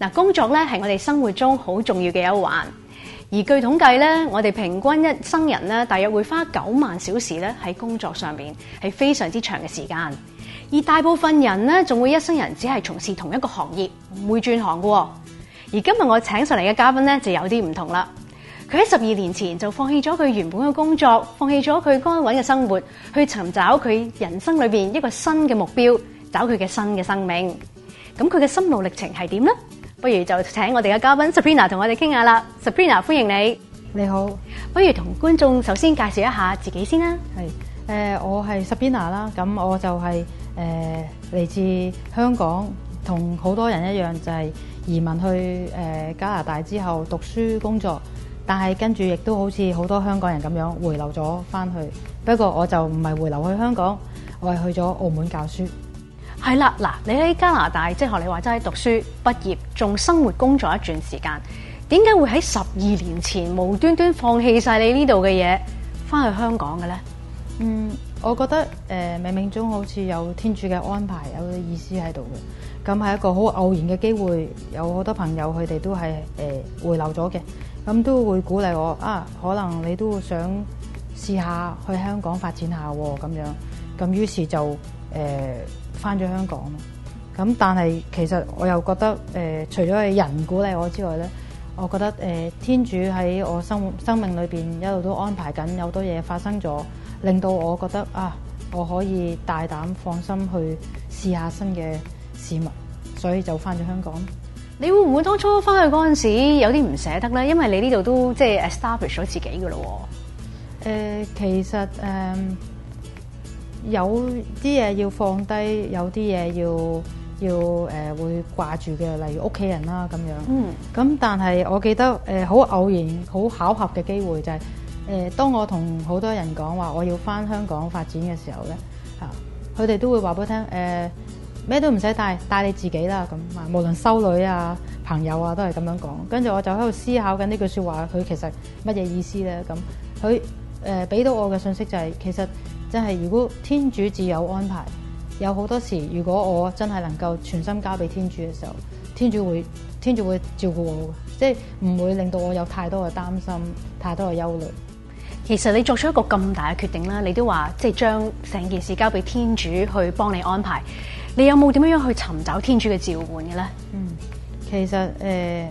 嗱，工作咧係我哋生活中好重要嘅一環，而據統計咧，我哋平均一生人咧大約會花九萬小時咧喺工作上面，係非常之長嘅時間。而大部分人咧仲會一生人只係從事同一個行業，唔會轉行嘅。而今日我請上嚟嘅嘉賓咧就有啲唔同啦，佢喺十二年前就放棄咗佢原本嘅工作，放棄咗佢安穩嘅生活，去尋找佢人生裏邊一個新嘅目標，找佢嘅新嘅生命。咁佢嘅心路歷程係點呢？不如就請我哋嘅嘉賓 Sabrina 同我哋傾下啦，Sabrina 歡迎你。你好，不如同觀眾首先介紹一下自己先啦。係、呃，我係 Sabrina 啦，咁我就係、是、呃、嚟自香港，同好多人一樣就係、是、移民去、呃、加拿大之後讀書工作，但係跟住亦都好似好多香港人咁樣回流咗翻去，不過我就唔係回流去香港，我係去咗澳門教書。係啦，嗱，你喺加拿大，即係學你話齋讀書、畢業，仲生活工作一段時間，點解會喺十二年前無端端放棄晒你呢度嘅嘢，翻去香港嘅咧？嗯，我覺得誒，冥冥中好似有天主嘅安排，有啲意思喺度嘅。咁係一個好偶然嘅機會，有好多朋友佢哋都係誒回流咗嘅，咁都會鼓勵我啊，可能你都想試下去香港發展下咁樣，咁於是就誒。呃翻咗香港，咁但係其實我又覺得誒、呃，除咗係人鼓勵我之外咧，我覺得誒、呃、天主喺我生生命裏邊一路都安排緊有好多嘢發生咗，令到我覺得啊，我可以大膽放心去試下新嘅事物，所以就翻咗香港。你會唔會當初翻去嗰陣時有啲唔捨得咧？因為你呢度都即係 establish 咗自己噶啦喎。其實誒。呃有啲嘢要放低，有啲嘢要要誒、呃、會掛住嘅，例如屋企人啦咁樣。嗯。咁但係我記得誒好、呃、偶然、好巧合嘅機會就係、是、誒、呃，當我同好多人講話我要返香港發展嘅時候咧，嚇佢哋都會話俾我聽誒，咩都唔使帶，帶你自己啦咁啊，無論修女啊、朋友啊都係咁樣講。跟住我就喺度思考緊呢句説話，佢其實乜嘢意思咧？咁佢誒俾到我嘅信息就係、是、其實。真係，如果天主自有安排，有好多時，如果我真係能夠全心交俾天主嘅時候，天主會天主會照顧我的，即係唔會令到我有太多嘅擔心，太多嘅憂慮。其實你作出一個咁大嘅決定啦，你都話即係將成件事交俾天主去幫你安排，你有冇點樣樣去尋找天主嘅召喚嘅咧？嗯，其實誒。呃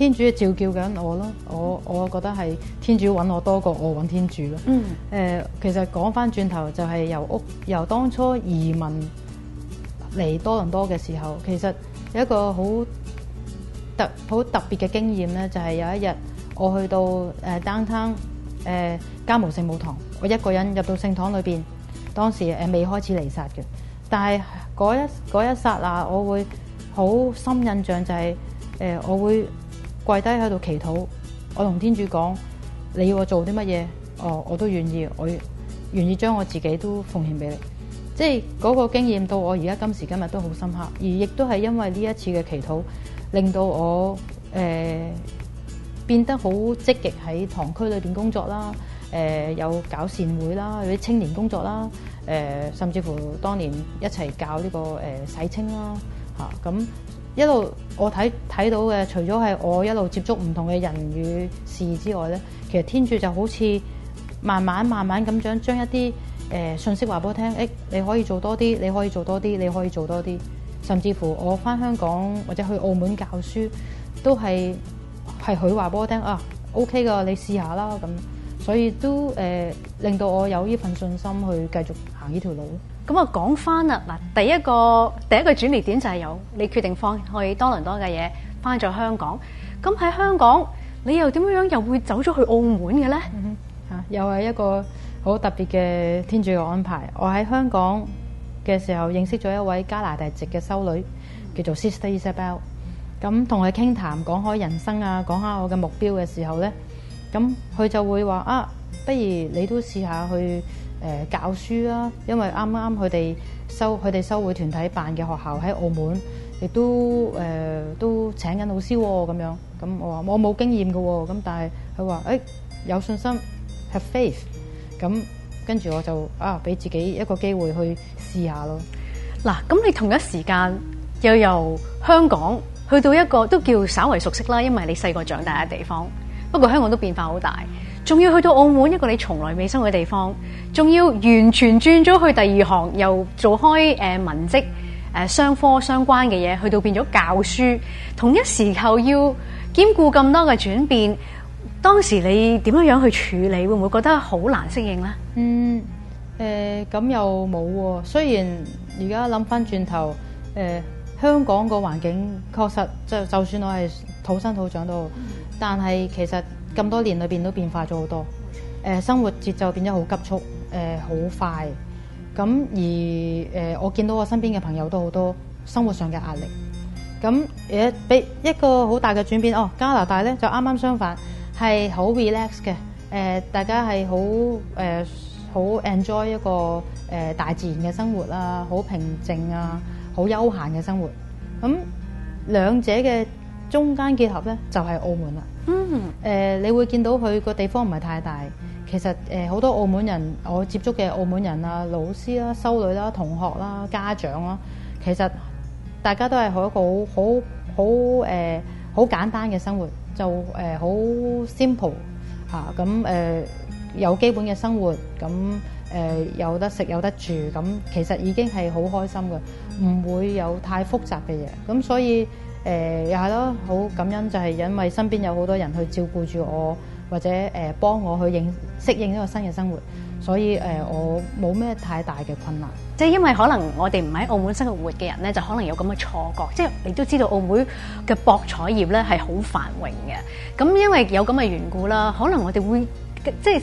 天主就召叫緊我咯，我我覺得係天主揾我多過我揾天主咯。誒、嗯呃，其實講返轉頭就係、是、由屋由當初移民嚟多倫多嘅時候，其實一很很、就是、有一個好特好特別嘅經驗咧，就係有一日我去到誒 downtown 誒嘉模聖母堂，我一個人入到聖堂裏邊，當時誒未開始彌撒嘅，但係嗰一嗰一剎啊，我會好深印象就係、是、誒、呃，我會。跪低喺度祈禱，我同天主講，你要我做啲乜嘢，哦，我都願意，我願意將我自己都奉獻俾你。即係嗰、那個經驗到我而家今時今日都好深刻，而亦都係因為呢一次嘅祈禱，令到我誒、呃、變得好積極喺堂區裏邊工作啦，誒、呃、有搞善會啦，有啲青年工作啦，誒、呃、甚至乎當年一齊搞呢個誒、呃、洗清啦，吓、啊、咁。一路我睇睇到嘅，除咗係我一路接觸唔同嘅人與事之外咧，其實天主就好似慢慢慢慢咁將一啲誒、呃、信息話俾我聽，哎，你可以做多啲，你可以做多啲，你可以做多啲，甚至乎我返香港或者去澳門教書都係係佢話俾我聽啊，OK 噶，你試下啦咁，所以都、呃、令到我有呢份信心去繼續行呢條路。咁啊，講翻啦！嗱，第一個第一個轉捩點就係有你決定放去多倫多嘅嘢，翻咗香港。咁喺香港，你又點樣又會走咗去澳門嘅咧？吓，又係一個好特別嘅天主嘅安排。我喺香港嘅時候認識咗一位加拿大籍嘅修女，叫做 Sister Isabel。咁同佢傾談，講開人生啊，講下我嘅目標嘅時候咧，咁佢就會話：啊，不如你都試下去。誒、呃、教書啦、啊，因為啱啱佢哋收佢哋修會團體辦嘅學校喺澳門也，亦都誒都請緊老師喎、啊、咁樣，咁我話我冇經驗嘅喎、啊，咁但係佢話誒有信心，have faith，咁跟住我就啊俾自己一個機會去試下咯。嗱，咁你同一時間又由香港去到一個都叫稍為熟悉啦，因為你細個長大嘅地方，不過香港都變化好大。仲要去到澳門一個你從來未生活嘅地方，仲要完全轉咗去第二行，又做開誒文職誒商科相關嘅嘢，去到變咗教書，同一時候要兼顧咁多嘅轉變，當時你點樣樣去處理，會唔會覺得好難適應咧？嗯，誒、呃、咁又冇，雖然而家諗翻轉頭，誒、呃、香港個環境確實就就算我係土生土長都好，嗯、但係其實。咁多年裏邊都變化咗好多，誒、呃、生活節奏變咗好急促，誒、呃、好快。咁而誒、呃、我見到我身邊嘅朋友都好多生活上嘅壓力。咁誒俾一個好大嘅轉變，哦加拿大咧就啱啱相反，係好 relax 嘅，誒、呃、大家係好誒好 enjoy 一個誒大自然嘅生活啊，好平靜啊，好休閒嘅生活。咁兩者嘅中間結合咧就係、是、澳門啦。嗯，誒、呃，你會見到佢個地方唔係太大，其實誒好、呃、多澳門人，我接觸嘅澳門人啊、老師啦、修女啦、同學啦、家長啦，其實大家都係好一個好好好好簡單嘅生活，就誒好 simple 嚇，咁、呃、誒、啊呃、有基本嘅生活，咁誒、呃、有得食有得住，咁其實已經係好開心嘅，唔會有太複雜嘅嘢，咁所以。誒又係咯，好、呃、感恩就係、是、因為身邊有好多人去照顧住我，或者誒幫、呃、我去應適應呢個新嘅生活，所以誒、呃、我冇咩太大嘅困難。即係因為可能我哋唔喺澳門生活活嘅人咧，就可能有咁嘅錯覺。即、就、係、是、你都知道澳門嘅博彩業咧係好繁榮嘅，咁因為有咁嘅緣故啦，可能我哋會即係、就是、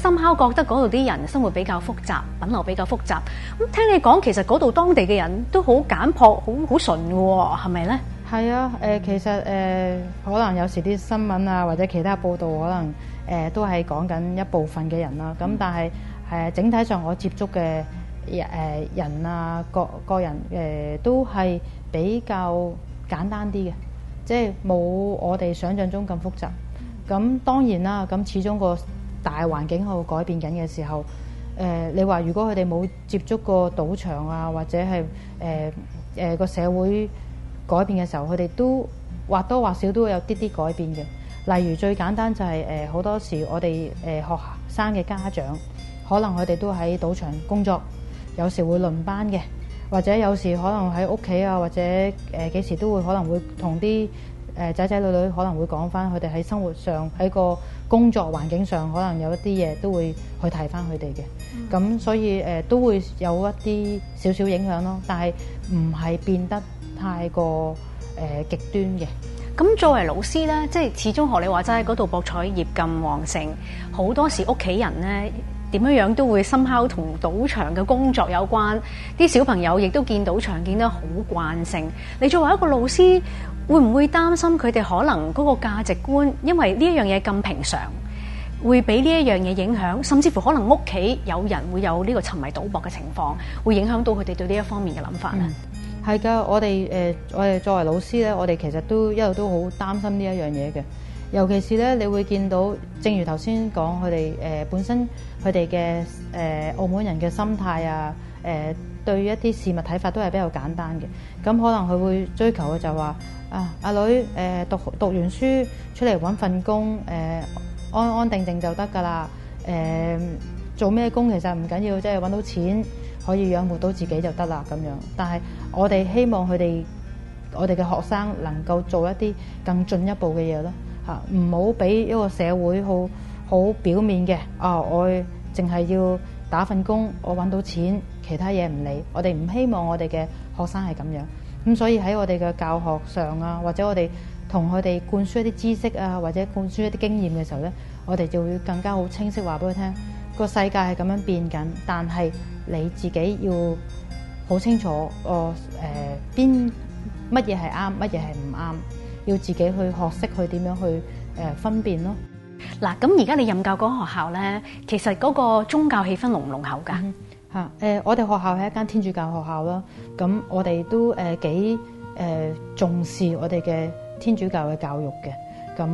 深刻覺得嗰度啲人生活比較複雜，品流比較複雜。咁聽你講，其實嗰度當地嘅人都好簡樸，好好純嘅喎，係咪咧？是。係啊，誒、呃、其實誒、呃、可能有時啲新聞啊或者其他報道，可能誒、呃、都係講緊一部分嘅人啦。咁、嗯、但係誒、呃、整體上我接觸嘅誒人啊個個人誒、呃、都係比較簡單啲嘅，即係冇我哋想象中咁複雜。咁、嗯、當然啦，咁始終個大環境喺度改變緊嘅時候，誒、呃、你話如果佢哋冇接觸過賭場啊，或者係誒誒個社會，改變嘅時候，佢哋都或多或少都會有啲啲改變嘅。例如最簡單就係誒好多時我哋誒、呃、學生嘅家長，可能佢哋都喺賭場工作，有時會輪班嘅，或者有時可能喺屋企啊，或者誒幾、呃、時都會可能會同啲誒仔仔女女可能會講翻佢哋喺生活上喺個工作環境上可能有一啲嘢都會去睇翻佢哋嘅。咁、嗯、所以誒、呃、都會有一啲少少影響咯，但係唔係變得太過誒極端嘅，咁作為老師呢，即係始終學你話齋嗰度博彩業咁旺盛，好多時屋企人呢點樣樣都會深敲同賭場嘅工作有關，啲小朋友亦都見到場見得好慣性。你作為一個老師，會唔會擔心佢哋可能嗰個價值觀，因為呢一樣嘢咁平常，會俾呢一樣嘢影響，甚至乎可能屋企有人會有呢個沉迷賭博嘅情況，會影響到佢哋對呢一方面嘅諗法呢？嗯係㗎，我哋誒、呃、我哋作為老師咧，我哋其實都一路都好擔心呢一樣嘢嘅。尤其是咧，你會見到，正如頭先講，佢哋誒本身佢哋嘅誒澳門人嘅心態啊，誒、呃、對於一啲事物睇法都係比較簡單嘅。咁可能佢會追求嘅就話啊，阿女誒、呃、讀讀完書出嚟揾份工誒、呃、安安定定就得㗎啦。誒、呃、做咩工其實唔緊要，即係揾到錢。可以養活到自己就得啦，咁樣。但係我哋希望佢哋，我哋嘅學生能夠做一啲更進一步嘅嘢咯嚇，唔好俾一個社會好好表面嘅啊、哦！我淨係要打份工，我揾到錢，其他嘢唔理。我哋唔希望我哋嘅學生係咁樣咁，所以喺我哋嘅教學上啊，或者我哋同佢哋灌輸一啲知識啊，或者灌輸一啲經驗嘅時候呢，我哋就會更加好清晰話俾佢聽，個世界係咁樣變緊，但係，你自己要好清楚，哦誒邊乜嘢係啱，乜嘢係唔啱，要自己去學識去點樣去、呃、分辨咯。嗱，咁而家你任教嗰間學校咧，其實嗰個宗教氣氛濃唔濃厚㗎、吓呃？我哋學校係一間天主教學校啦。咁我哋都誒幾、呃、重視我哋嘅天主教嘅教育嘅。咁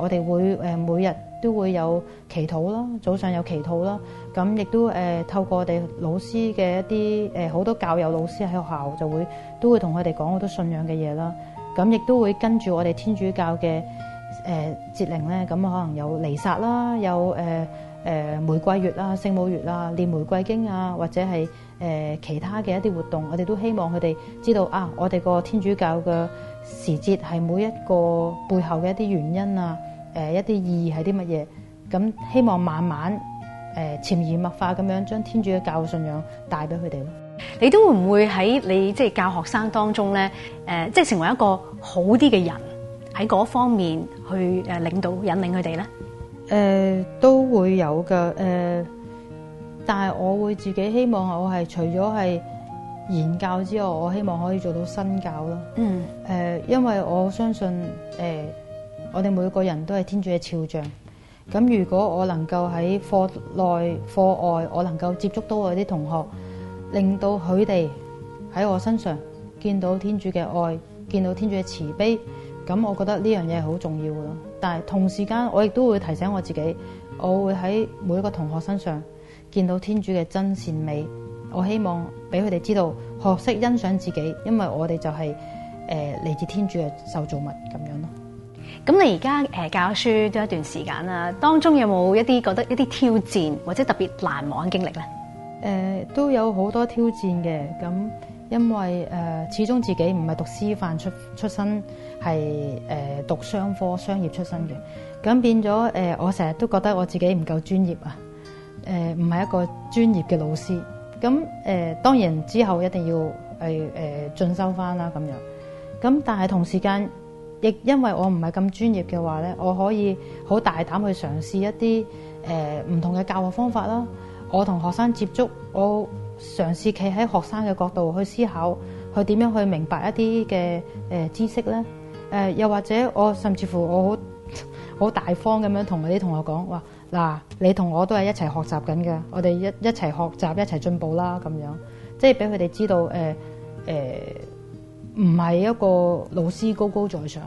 我哋會、呃、每日都會有祈禱啦，早上有祈禱啦。咁亦都、呃、透過我哋老師嘅一啲好、呃、多教友老師喺學校就會都會同佢哋講好多信仰嘅嘢啦。咁亦都會跟住我哋天主教嘅誒、呃、節靈咧，咁可能有彌撒啦，有誒誒、呃、玫瑰月啦、聖母月啦、念玫瑰經啊，或者係、呃、其他嘅一啲活動。我哋都希望佢哋知道啊，我哋個天主教嘅時節係每一個背後嘅一啲原因啊，呃、一啲意義係啲乜嘢。咁希望慢慢。誒，潛移默化咁樣將天主嘅教信仰帶俾佢哋咯。你都會唔會喺你即係教學生當中咧？誒，即係成為一個好啲嘅人喺嗰方面去誒領導引領佢哋咧？誒、呃，都會有噶。誒、呃，但係我會自己希望我係除咗係言教之外，我希望可以做到身教咯。嗯。誒，因為我相信誒、呃，我哋每個人都係天主嘅肖像。咁如果我能夠喺課內課外，我能夠接觸到我啲同學，令到佢哋喺我身上見到天主嘅愛，見到天主嘅慈悲，咁我覺得呢樣嘢係好重要嘅。但係同時間，我亦都會提醒我自己，我會喺每一個同學身上見到天主嘅真善美。我希望俾佢哋知道學識欣賞自己，因為我哋就係誒嚟自天主嘅受造物咁樣咯。咁你而家誒教書都一段時間啦，當中有冇一啲覺得一啲挑戰或者特別難忘嘅經歷咧？誒、呃、都有好多挑戰嘅，咁因為誒、呃、始終自己唔係讀師範出出身，係誒、呃、讀商科商業出身嘅，咁變咗誒、呃、我成日都覺得我自己唔夠專業啊，誒唔係一個專業嘅老師，咁誒、呃、當然之後一定要誒誒、呃、進修返啦咁樣，咁但係同時間。亦因為我唔係咁專業嘅話呢，我可以好大膽去嘗試一啲誒唔同嘅教學方法啦。我同學生接觸，我嘗試企喺學生嘅角度去思考，去點樣去明白一啲嘅誒知識呢誒、呃、又或者我甚至乎我好好大方咁樣同你啲同學講話：嗱，你同我都係一齊學習緊嘅，我哋一一齊學習，一齊進步啦。咁樣即係俾佢哋知道誒誒。呃呃唔係一個老師高高在上，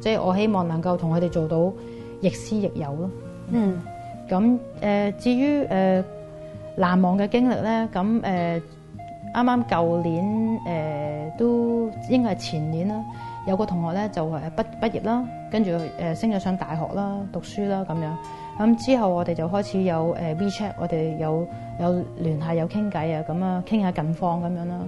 即係我希望能夠同佢哋做到亦師亦友咯。嗯，咁誒至於誒難忘嘅經歷咧，咁誒啱啱舊年誒都應該係前年啦，有個同學咧就誒畢畢業啦，跟住誒升咗上大學啦，讀書啦咁樣。咁之後，我哋就開始有誒 WeChat，我哋有有聯繫，有傾偈啊。咁啊，傾下近況咁樣啦。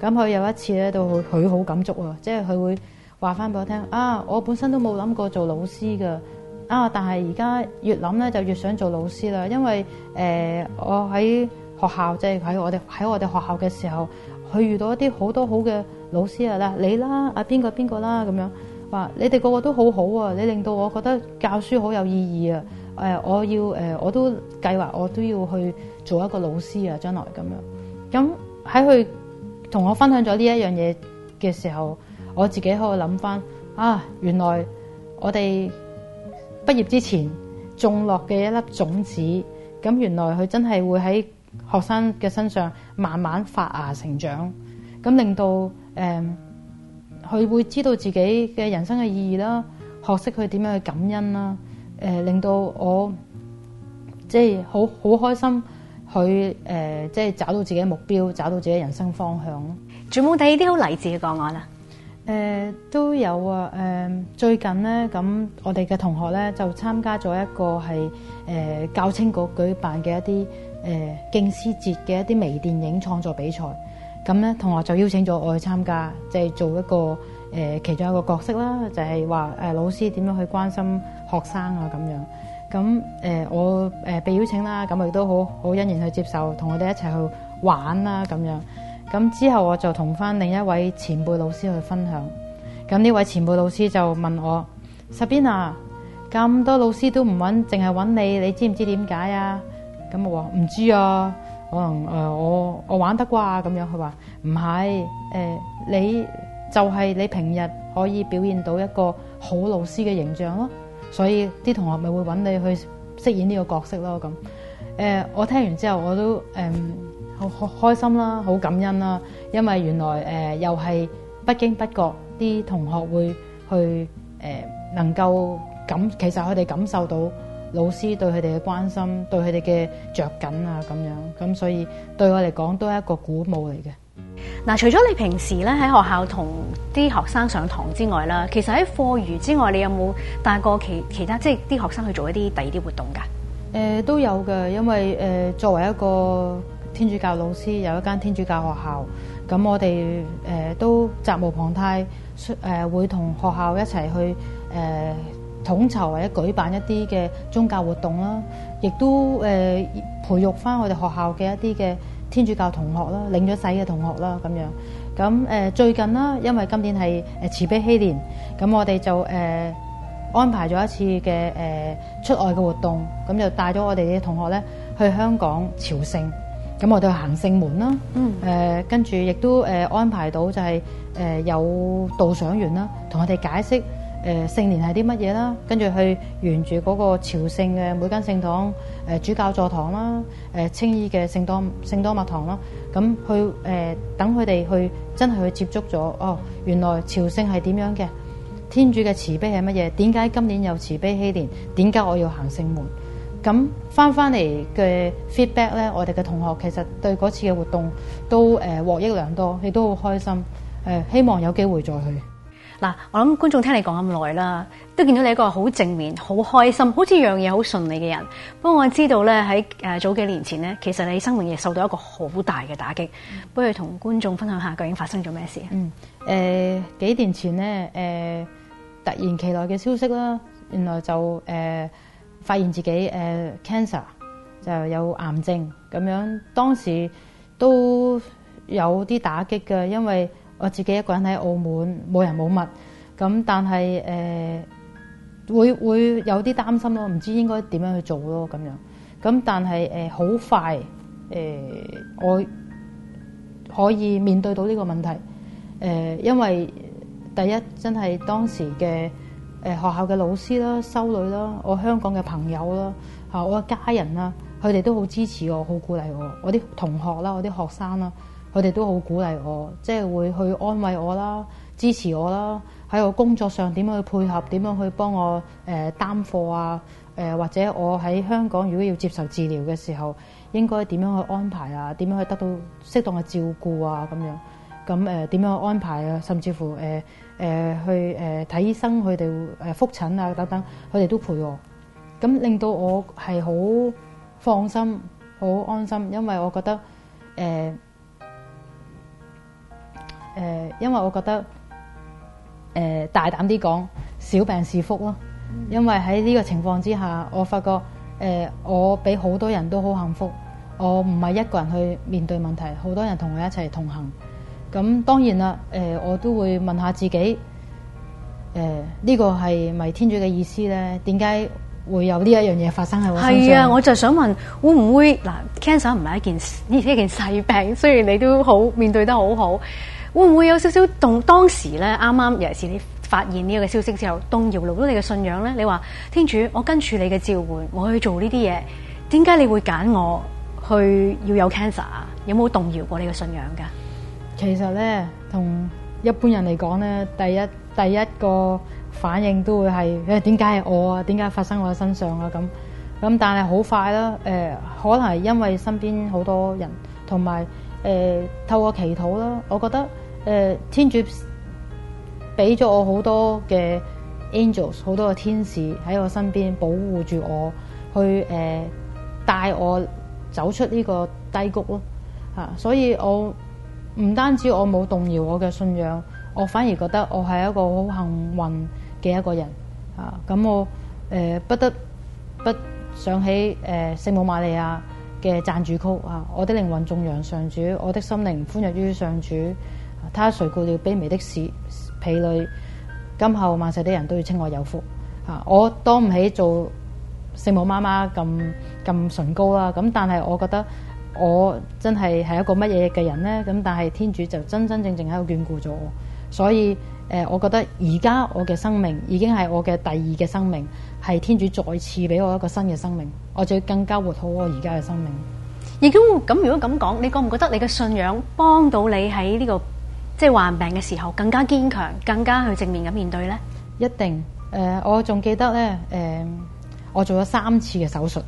咁佢有一次咧，都佢好感觸啊，即係佢會話返俾我聽啊。我本身都冇諗過做老師噶啊，但係而家越諗咧就越想做老師啦。因為誒、呃，我喺學校即係喺我哋喺我哋學校嘅時候，佢遇到一啲好多好嘅老師啊，啦你啦啊，邊個邊個啦咁樣話，你哋個個都好好啊，你令到我覺得教書好有意義啊。呃、我要誒、呃，我都計劃，我都要去做一個老師啊！將來咁樣，咁喺佢同我分享咗呢一樣嘢嘅時候，我自己喺度諗翻啊，原來我哋畢業之前種落嘅一粒種子，咁原來佢真係會喺學生嘅身上慢慢發芽成長，咁令到佢、呃、會知道自己嘅人生嘅意義啦，學識佢點樣去感恩啦。誒、呃、令到我即係好好開心去，去、呃、誒即係找到自己嘅目標，找到自己嘅人生方向。仲冇第二啲好勵志嘅個案啊？誒、呃、都有啊！誒、呃、最近咧，咁我哋嘅同學咧就參加咗一個係誒、呃、教青局舉辦嘅一啲誒敬師節嘅一啲微電影創作比賽。咁咧，同學就邀請咗我去參加，即、就、係、是、做一個。誒其中一個角色啦，就係話誒老師點樣去關心學生啊咁樣。咁誒、呃、我誒、呃、被邀請啦，咁亦都好好欣然去接受，同我哋一齊去玩啦、啊、咁樣。咁之後我就同翻另一位前輩老師去分享。咁呢位前輩老師就問我 Sabina，咁多老師都唔揾，淨係揾你，你知唔知點解啊？咁我話唔知啊，可能誒、呃、我我玩得啩咁樣。佢話唔係，誒、呃、你。就係你平日可以表現到一個好老師嘅形象咯，所以啲同學咪會揾你去飾演呢個角色咯咁。誒，我聽完之後我都誒好開心啦，好感恩啦，因為原來誒又係不經不覺啲同學會去誒能夠感其實佢哋感受到老師對佢哋嘅關心，對佢哋嘅著緊啊咁樣，咁所以對我嚟講都係一個鼓舞嚟嘅。嗱，除咗你平時咧喺學校同啲學生上堂之外啦，其實喺課餘之外，你有冇帶過其其他即係啲學生去做一啲第二啲活動噶？誒、呃、都有嘅，因為誒、呃、作為一個天主教老師，有一間天主教學校，咁我哋誒、呃、都責無旁貸，誒會同學校一齊去誒、呃、統籌或者舉辦一啲嘅宗教活動啦，亦都誒、呃、培育翻我哋學校嘅一啲嘅。天主教同學啦，領咗洗嘅同學啦，咁樣咁誒最近啦，因為今年係誒慈悲禧年，咁我哋就誒安排咗一次嘅誒出外嘅活動，咁就帶咗我哋啲同學咧去香港朝聖，咁我哋行聖門啦，誒跟住亦都誒安排到就係誒有導賞員啦，同我哋解釋。誒、呃、聖年係啲乜嘢啦？跟住去沿住嗰個朝聖嘅每間聖堂、呃，主教座堂啦，誒、呃、青衣嘅聖多聖多默堂啦，咁、啊呃、去誒等佢哋去真係去接觸咗哦，原來朝聖係點樣嘅？天主嘅慈悲係乜嘢？點解今年有慈悲禧年？點解我要行聖門？咁、啊、翻翻嚟嘅 feedback 呢，我哋嘅同學其實對嗰次嘅活動都誒獲、呃、益良多，亦都好開心、呃，希望有機會再去。嗱，我諗觀眾聽你講咁耐啦，都見到你一個好正面、好開心、好似樣嘢好順利嘅人。不過我知道咧喺，誒早幾年前咧，其實你生命亦受到一個好大嘅打擊。嗯、不如同觀眾分享下究竟發生咗咩事啊？嗯，誒、呃、幾年前咧，誒、呃、突然其來嘅消息啦，原來就誒、呃、發現自己誒 cancer、呃、就有癌症咁樣，當時都有啲打擊嘅，因為。我自己一個人喺澳門，冇人冇物，咁但係誒、呃、會會有啲擔心咯，唔知應該點樣去做咯咁樣。咁但係誒好快誒、呃，我可以面對到呢個問題。誒、呃，因為第一真係當時嘅誒、呃、學校嘅老師啦、修女啦、我香港嘅朋友啦、嚇我嘅家人啦，佢哋都好支持我、好鼓勵我。我啲同學啦、我啲學生啦。佢哋都好鼓勵我，即係會去安慰我啦、支持我啦，喺我工作上點樣去配合、點樣去幫我誒、呃、擔貨啊？或者我喺香港如果要接受治療嘅時候，應該點樣去安排啊？點樣去得到適當嘅照顧啊？咁樣咁誒點樣去安排啊？甚至乎、呃呃、去誒睇、呃、醫生，佢哋誒覆診啊等等，佢哋都陪我，咁令到我係好放心、好安心，因為我覺得、呃誒，因為我覺得誒、呃、大膽啲講，小病是福咯。嗯、因為喺呢個情況之下，我發覺誒、呃、我俾好多人都好幸福，我唔係一個人去面對問題，好多人同我一齊同行。咁當然啦，誒、呃、我都會問下自己，誒、呃、呢、這個係咪天主嘅意思咧？點解會有呢一樣嘢發生喺我身上？係啊，我，我就想問，會唔會嗱，cancer 唔係一件呢，一件細病，雖然你都好面對得好好。會唔會有少少動？當時咧啱啱，尤其是你發現呢一個消息之後，動搖到你嘅信仰咧？你話天主，我跟住你嘅召喚，我去做呢啲嘢，點解你會揀我去要有 cancer？有冇動搖過你嘅信仰㗎？其實咧，同一般人嚟講咧，第一第一個反應都會係誒，點解係我啊？點解發生我嘅身上啊？咁咁，但係好快啦。誒、呃，可能係因為身邊好多人，同埋誒透過祈禱啦，我覺得。誒，天主俾咗我好多嘅 angels，好多嘅天使喺我身邊保護住我，去誒帶我走出呢個低谷咯嚇。所以，我唔單止我冇動搖我嘅信仰，我反而覺得我係一個好幸運嘅一個人嚇。咁我誒不得不想起誒聖母瑪利亞嘅讚主曲嚇，我的靈魂縱揚上主，我的心靈歡躍於上主。他垂顧了卑微的士婢女，今後萬世的人都要稱我有福。啊，我當唔起做聖母媽媽咁咁崇高啦。咁但係我覺得我真係係一個乜嘢嘅人咧。咁但係天主就真真正正喺度眷顧咗我。所以誒，我覺得而家我嘅生命已經係我嘅第二嘅生命，係天主再次俾我一個新嘅生命。我就要更加活好我而家嘅生命。亦都咁，如果咁講，你覺唔覺得你嘅信仰幫到你喺呢個？即係患病嘅時候，更加堅強，更加去正面咁面對呢。一定誒、呃，我仲記得呢，誒、呃，我做咗三次嘅手術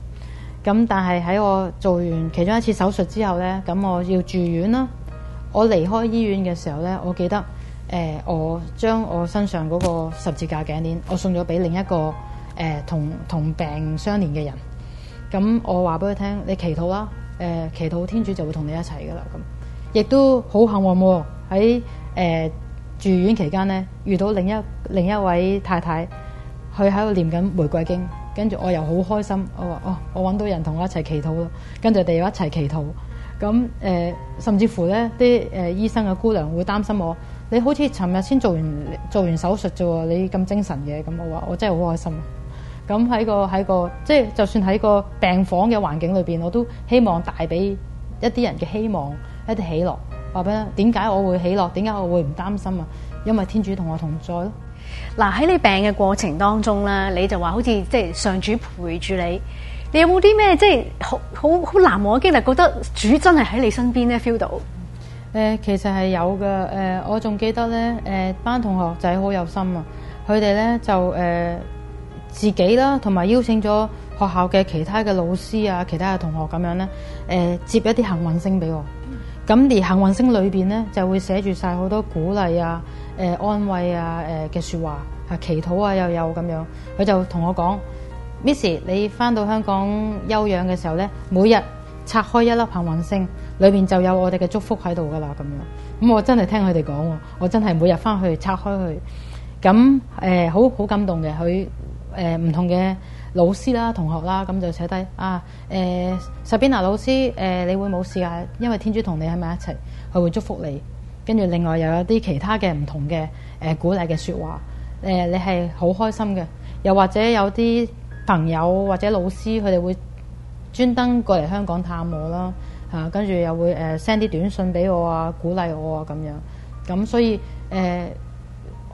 咁，但係喺我做完其中一次手術之後呢，咁我要住院啦。我離開醫院嘅時候呢，我記得誒、呃，我將我身上嗰個十字架頸鏈，我送咗俾另一個誒、呃、同同病相憐嘅人。咁我話俾佢聽，你祈禱啦，誒、呃，祈禱天主就會同你一齊噶啦。咁亦都好幸運、哦。喺誒、呃、住院期間咧，遇到另一另一位太太，佢喺度念緊玫瑰經，跟住我又好開心，我話哦，我揾到人同我一齊祈禱啦，跟住佢哋又一齊祈禱，咁誒、呃、甚至乎咧啲誒醫生嘅姑娘會擔心我，你好似尋日先做完做完手術啫喎，你咁精神嘅，咁我話我真係好開心，咁喺個喺個即係就算喺個病房嘅環境裏邊，我都希望帶俾一啲人嘅希望，一啲喜樂。話俾你聽，點解我會喜樂？點解我會唔擔心啊？因為天主同我同在咯。嗱，喺你病嘅過程當中咧，你就話好似即係上主陪住你，你有冇啲咩即係好好好難忘嘅經歷？覺得主真係喺你身邊咧，feel 到。誒、呃，其實係有嘅。誒、呃，我仲記得咧，誒、呃、班同學仔好有心啊，佢哋咧就誒、呃、自己啦，同埋邀請咗學校嘅其他嘅老師啊，其他嘅同學咁樣咧，誒、呃、接一啲幸運星俾我。咁而幸運星裏面咧就會寫住晒好多鼓勵啊、呃、安慰啊、嘅、呃、說話啊、呃、祈禱啊又有咁樣，佢就同我講，Miss 你翻到香港休養嘅時候咧，每日拆開一粒幸運星，裏面就有我哋嘅祝福喺度噶啦咁樣。咁我真係聽佢哋講，我真係每日翻去拆開佢，咁好好感動嘅佢誒唔同嘅。老師啦、同學啦，咁就寫低啊、欸、Sabina 老師，誒、欸，你會冇事噶，因為天主同你喺埋一齊，佢會祝福你。跟住另外又有啲其他嘅唔同嘅誒、欸、鼓勵嘅説話，誒、欸，你係好開心嘅。又或者有啲朋友或者老師，佢哋會專登過嚟香港探我啦，嚇、啊，跟住又會誒 send 啲短信俾我啊，鼓勵我啊，咁樣。咁所以誒。欸。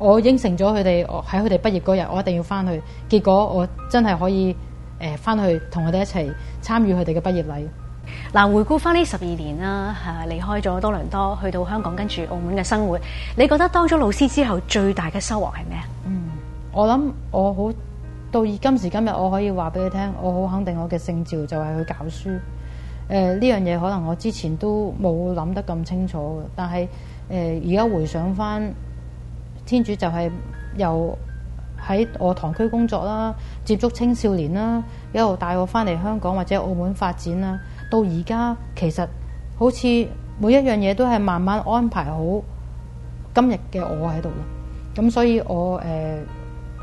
我應承咗佢哋，喺佢哋畢業嗰日，我一定要返去。結果我真係可以誒返去同佢哋一齊參與佢哋嘅畢業禮。嗱，回顧返呢十二年啦，吓離開咗多倫多，去到香港，跟住澳門嘅生活，你覺得當咗老師之後最大嘅收穫係咩啊？嗯，我諗我好到今時今日，我可以話俾你聽，我好肯定我嘅姓趙就係去教書。誒、呃、呢樣嘢可能我之前都冇諗得咁清楚嘅，但係誒而家回想返。天主就係由喺我堂區工作啦，接觸青少年啦，一路帶我翻嚟香港或者澳門發展啦，到而家其實好似每一樣嘢都係慢慢安排好今日嘅我喺度啦。咁所以我，呃，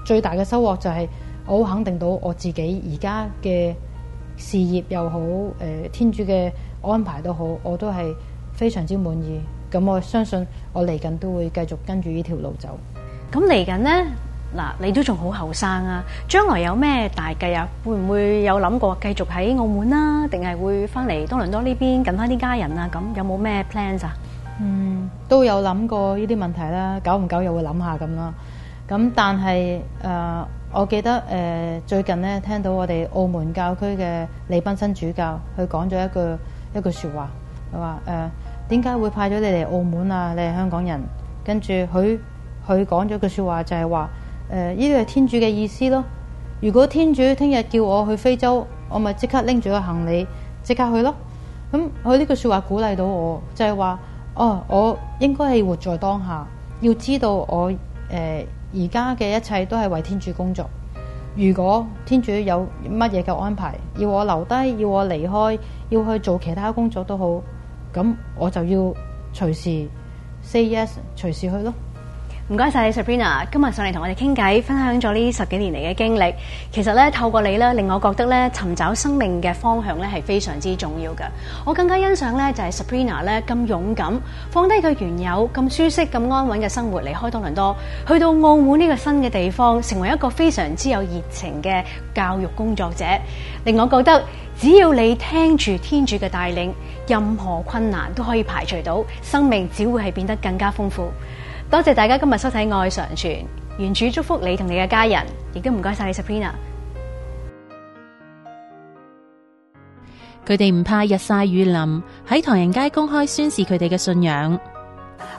最大嘅收穫就係我好肯定到我自己而家嘅事業又好，呃，天主嘅安排都好，我都係非常之滿意。咁我相信我嚟緊都會繼續跟住呢條路走。咁嚟緊呢，嗱你都仲好後生啊！將來有咩大計啊？會唔會有諗過繼續喺澳門啦？定係會翻嚟多倫多呢邊近翻啲家人啊？咁有冇咩 plan 啊？嗯，都有諗過呢啲問題啦，久唔久又會諗下咁啦。咁但係、呃、我記得、呃、最近呢，聽到我哋澳門教區嘅李斌生主教佢講咗一句一句説話，佢點解會派咗你嚟澳門啊？你係香港人，跟住佢佢講咗句說話，就係話，誒，呢個係天主嘅意思咯。如果天主聽日叫我去非洲，我咪即刻拎住個行李，即刻去咯。咁佢呢句說話鼓勵到我，就係話，哦，我應該係活在當下，要知道我誒而家嘅一切都係為天主工作。如果天主有乜嘢嘅安排，要我留低，要我離開，要去做其他工作都好。咁我就要隨時 say yes，隨時去咯。唔該晒，你，Sabrina，今日上嚟同我哋傾偈，分享咗呢十幾年嚟嘅經歷。其實咧，透過你咧，令我覺得咧，尋找生命嘅方向咧，係非常之重要嘅。我更加欣賞咧，就係 Sabrina 咧咁勇敢，放低佢原有咁舒適、咁安穩嘅生活，離開多倫多，去到澳門呢個新嘅地方，成為一個非常之有熱情嘅教育工作者。令我覺得，只要你聽住天主嘅帶領，任何困難都可以排除到，生命只會係變得更加豐富。多謝大家今日收睇《愛常傳》，願主祝福你同你嘅家人，亦都唔該晒你，Saprina，佢哋唔怕日晒雨淋，喺唐人街公開宣示佢哋嘅信仰，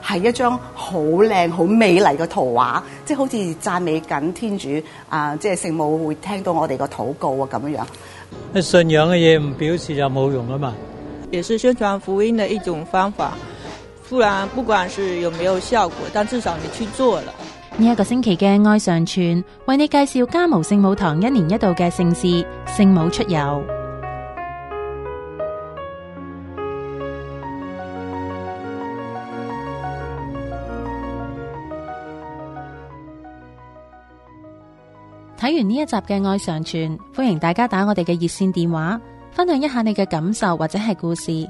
係一張好靚、好美麗嘅圖畫，即係好似讚美緊天主啊！即係聖母會聽到我哋嘅禱告啊，咁樣樣。信仰嘅嘢唔表示就冇用啊嘛。也是宣傳福音的一種方法。不然，不管是有沒有效果，但至少你去做了。呢一個星期嘅《愛上傳》為你介紹嘉模聖母堂一年一度嘅盛事——聖母出遊。睇完呢一集嘅《愛上傳》，歡迎大家打我哋嘅熱線電話，分享一下你嘅感受或者係故事。